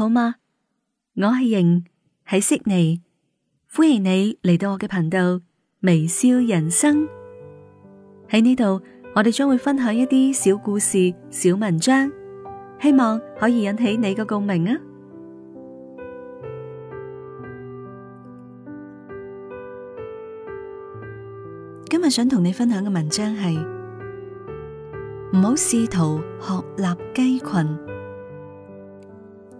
好嗎？我係瑩，喺悉尼，歡迎你嚟到我嘅頻道微笑人生。喺呢度，我哋將會分享一啲小故事、小文章，希望可以引起你嘅共鳴啊！今日想同你分享嘅文章係唔好試圖鶴立雞群。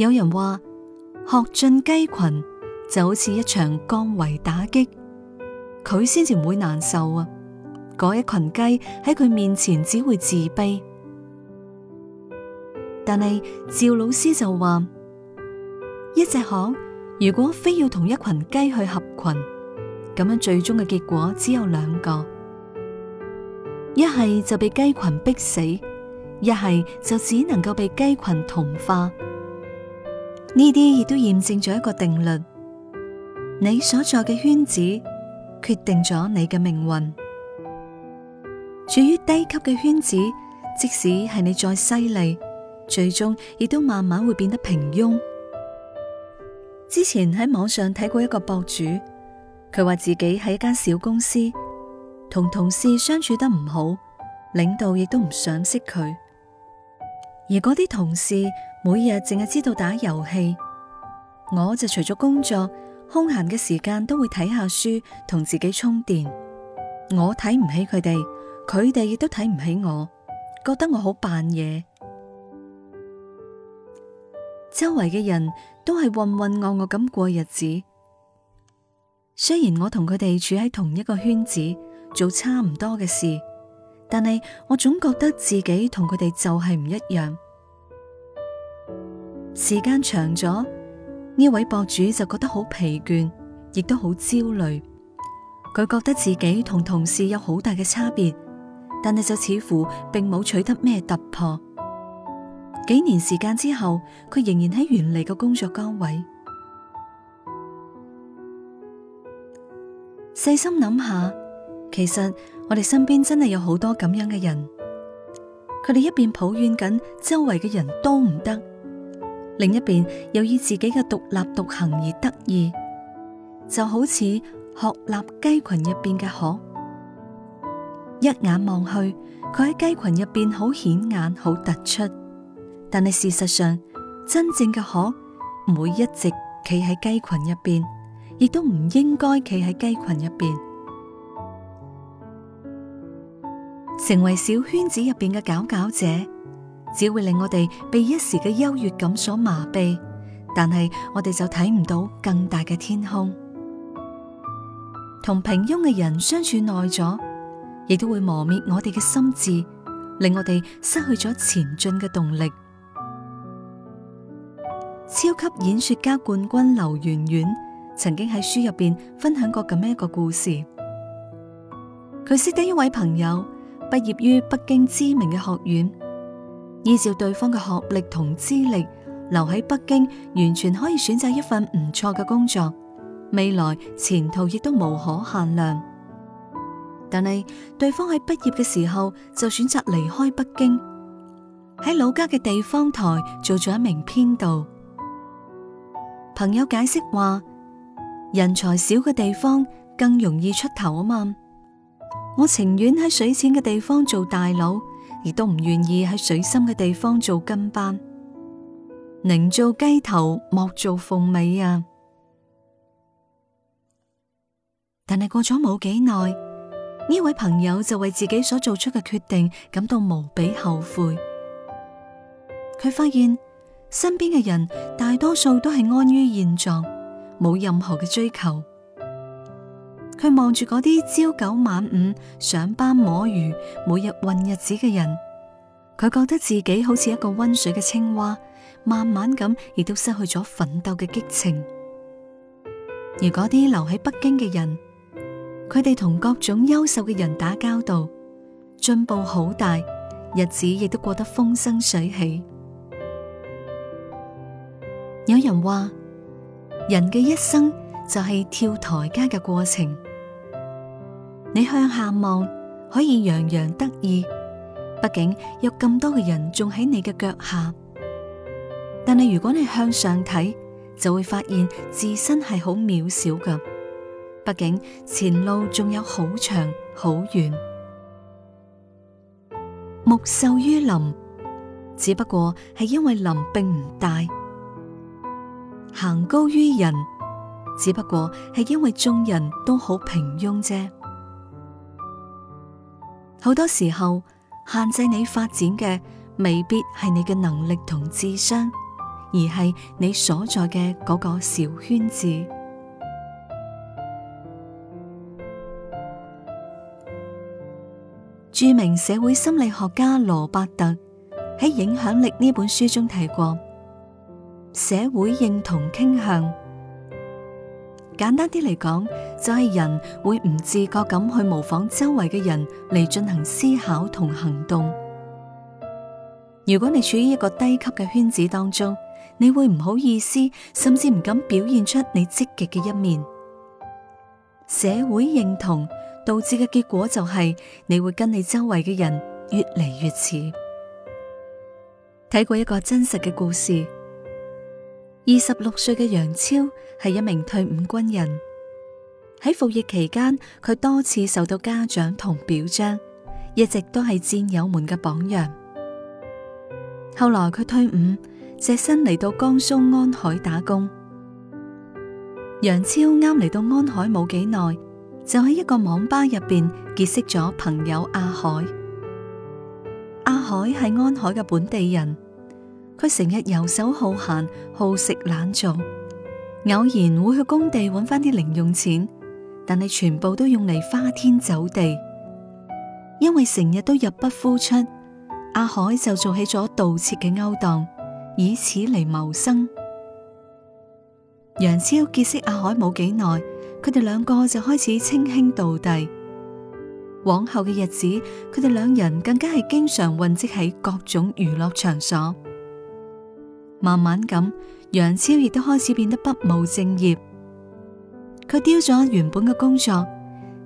有人話學進雞群就好似一場降維打擊，佢先至唔會難受啊！嗰一群雞喺佢面前只會自卑。但係趙老師就話：一隻鶴如果非要同一群雞去合群，咁樣最終嘅結果只有兩個，一係就被雞群逼死，一係就只能夠被雞群同化。呢啲亦都驗證咗一個定律，你所在嘅圈子決定咗你嘅命運。處於低級嘅圈子，即使係你再犀利，最終亦都慢慢會變得平庸。之前喺網上睇過一個博主，佢話自己喺一間小公司，同同事相處得唔好，領導亦都唔想識佢，而嗰啲同事。每日淨係知道打遊戲，我就除咗工作，空閒嘅時間都會睇下書，同自己充電。我睇唔起佢哋，佢哋亦都睇唔起我，覺得我好扮嘢。周圍嘅人都係渾渾噩噩咁過的日子，雖然我同佢哋處喺同一個圈子，做差唔多嘅事，但係我總覺得自己同佢哋就係唔一樣。時間長咗，呢位博主就覺得好疲倦，亦都好焦慮。佢覺得自己同同事有好大嘅差別，但係就似乎並冇取得咩突破。幾年時間之後，佢仍然喺原嚟嘅工作崗位。細心諗下，其實我哋身邊真係有好多咁樣嘅人，佢哋一邊抱怨緊周圍嘅人都唔得。另一邊又以自己嘅獨立獨行而得意，就好似鶴立雞群入邊嘅鶴，一眼望去，佢喺雞群入邊好顯眼、好突出。但係事實上，真正嘅鶴唔會一直企喺雞群入邊，亦都唔應該企喺雞群入邊，成為小圈子入邊嘅佼佼者。只會令我哋被一時嘅優越感所麻痹，但係我哋就睇唔到更大嘅天空。同平庸嘅人相處耐咗，亦都會磨滅我哋嘅心智，令我哋失去咗前進嘅動力。超級演說家冠軍劉媛媛曾經喺書入邊分享過咁樣一個故事，佢識得一位朋友，畢業於北京知名嘅學院。依照對方嘅學歷同資歷，留喺北京完全可以選擇一份唔錯嘅工作，未來前途亦都無可限量。但係對方喺畢業嘅時候就選擇離開北京，喺老家嘅地方台做咗一名編導。朋友解釋話，人才少嘅地方更容易出頭啊嘛。我情願喺水淺嘅地方做大佬。亦都唔願意喺水深嘅地方做跟班，寧做雞頭莫做鳳尾啊！但係過咗冇幾耐，呢位朋友就為自己所做出嘅決定感到無比後悔。佢發現身邊嘅人大多數都係安於現狀，冇任何嘅追求。佢望住嗰啲朝九晚五、上班摸魚、每日混日子嘅人，佢覺得自己好似一個溫水嘅青蛙，慢慢咁亦都失去咗奮鬥嘅激情。而嗰啲留喺北京嘅人，佢哋同各種優秀嘅人打交道，進步好大，日子亦都過得風生水起。有人話，人嘅一生就係跳台階嘅過程。你向下望，可以洋洋得意，畢竟有咁多嘅人仲喺你嘅腳下。但係如果你向上睇，就會發現自身係好渺小㗎，畢竟前路仲有好長好遠。木秀於林，只不過係因為林並唔大；行高於人，只不過係因為眾人都好平庸啫。好多時候限制你發展嘅，未必係你嘅能力同智商，而係你所在嘅嗰個小圈子。 著名社會心理學家羅伯特喺《影響力》呢本書中提過，社會認同傾向。簡單啲嚟講，就係人會唔自覺咁去模仿周圍嘅人嚟進行思考同行動。如果你處於一個低級嘅圈子當中，你會唔好意思，甚至唔敢表現出你積極嘅一面。社會認同導致嘅結果就係你會跟你周圍嘅人越嚟越似。睇過一個真實嘅故事。二十六歲嘅楊超係一名退伍軍人，喺服役期間，佢多次受到家長同表彰，一直都係戰友們嘅榜樣。後來佢退伍，隻身嚟到江蘇安海打工。楊超啱嚟到安海冇幾耐，就喺一個網吧入邊結識咗朋友阿海。阿海係安海嘅本地人。佢成日遊手好閒，好食懶做，偶然會去工地搵翻啲零用錢，但係全部都用嚟花天酒地。因為成日都入不敷出，阿海就做起咗盜竊嘅勾當，以此嚟謀生。楊超結識阿海冇幾耐，佢哋兩個就開始稱兄道弟。往後嘅日子，佢哋兩人更加係經常混跡喺各種娛樂場所。慢慢咁，楊超亦都開始變得不務正業，佢丟咗原本嘅工作，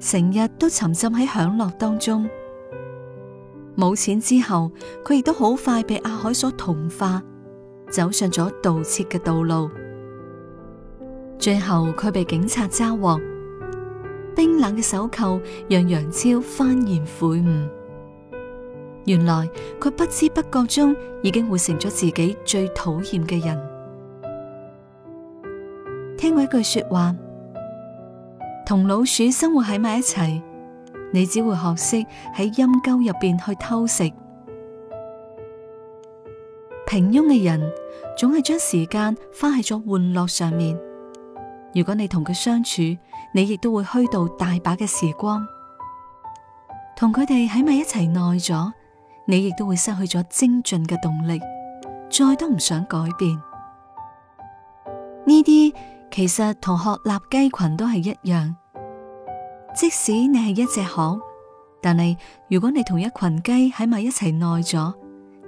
成日都沉浸喺享樂當中。冇錢之後，佢亦都好快被阿海所同化，走上咗盜竊嘅道路。最後佢被警察抓獲，冰冷嘅手銬讓楊超幡然悔悟。原來佢不知不覺中已經活成咗自己最討厭嘅人。聽過一句說話：同老鼠生活喺埋一齊，你只會學識喺陰溝入邊去偷食。平庸嘅人總係將時間花喺咗玩樂上面。如果你同佢相處，你亦都會虛度大把嘅時光。同佢哋喺埋一齊耐咗。你亦都會失去咗精進嘅動力，再都唔想改變。呢啲其實同鶴立雞群都係一樣。即使你係一隻鶴，但係如果你同一群雞喺埋一齊耐咗，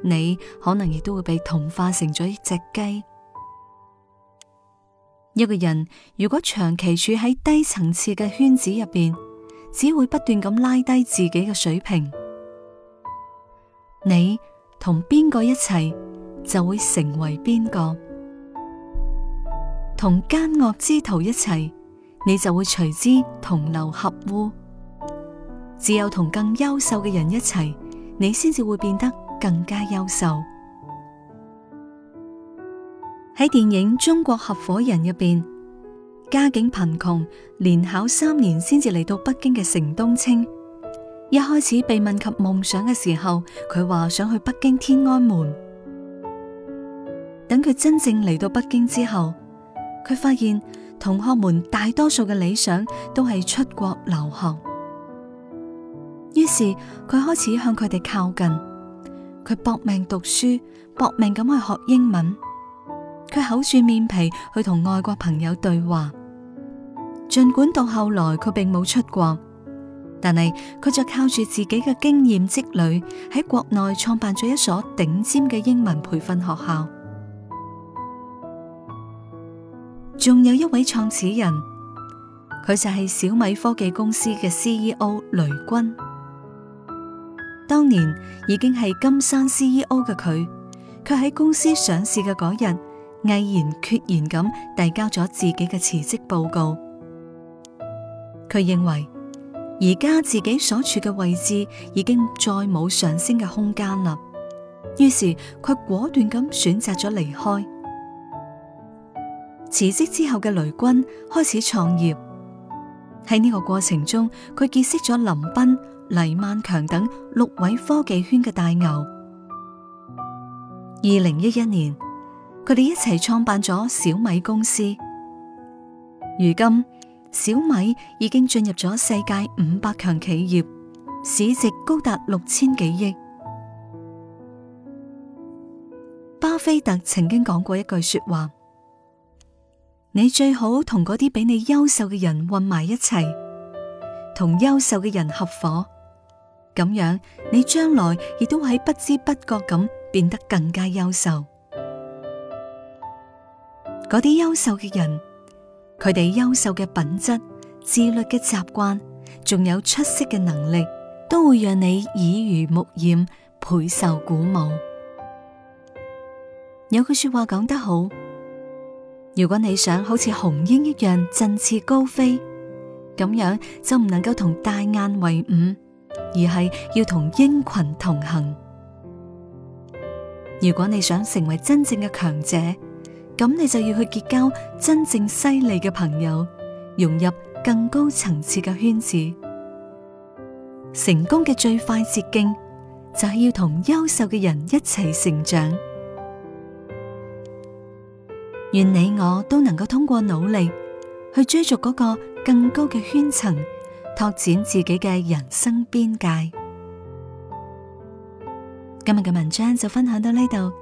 你可能亦都會被同化成咗一隻雞。一個人如果長期處喺低層次嘅圈子入邊，只會不斷咁拉低自己嘅水平。你同邊個一齊，就會成為邊個；同奸惡之徒一齊，你就會隨之同流合污；只有同更優秀嘅人一齊，你先至會變得更加優秀。喺電影《中國合伙人》入邊，家境貧窮，連考三年先至嚟到北京嘅成東青。一開始被問及夢想嘅時候，佢話想去北京天安門。等佢真正嚟到北京之後，佢發現同學們大多數嘅理想都係出國留學。於是佢開始向佢哋靠近，佢搏命讀書，搏命咁去學英文，佢厚住面皮去同外國朋友對話。盡管到後來佢並冇出國。但係佢就靠住自己嘅經驗積累，喺國內創辦咗一所頂尖嘅英文培訓學校。仲有一位創始人，佢就係小米科技公司嘅 CEO 雷軍。當年已經係金山 CEO 嘅佢，卻喺公司上市嘅嗰日，毅然決然咁遞交咗自己嘅辭職報告。佢認為。而家自己所處嘅位置已經再冇上升嘅空間啦，於是佢果斷咁選擇咗離開。辭職之後嘅雷軍開始創業，喺呢個過程中佢結識咗林斌、黎萬強等六位科技圈嘅大牛。二零一一年，佢哋一齊創辦咗小米公司。如今。小米已經進入咗世界五百強企業，市值高達六千幾億。巴菲特曾經講過一句說話：你最好同嗰啲比你優秀嘅人混埋一齊，同優秀嘅人合伙，咁樣你將來亦都會喺不知不覺咁變得更加優秀。嗰啲優秀嘅人。佢哋優秀嘅品質、自律嘅習慣，仲有出色嘅能力，都會讓你耳濡目染，倍受鼓舞。有句說話講得好：如果你想好似雄鷹一樣振翅高飛，咁樣就唔能夠同大雁為伍，而係要同鷹群同行。如果你想成為真正嘅強者，咁你就要去結交真正犀利嘅朋友，融入更高層次嘅圈子。成功嘅最快捷徑，就係要同優秀嘅人一齊成長。願你我都能夠通過努力，去追逐嗰個更高嘅圈層，拓展自己嘅人生邊界。今日嘅文章就分享到呢度，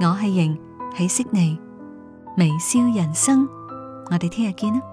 我係瑩，喺悉尼。微笑人生，我哋聽日見啦。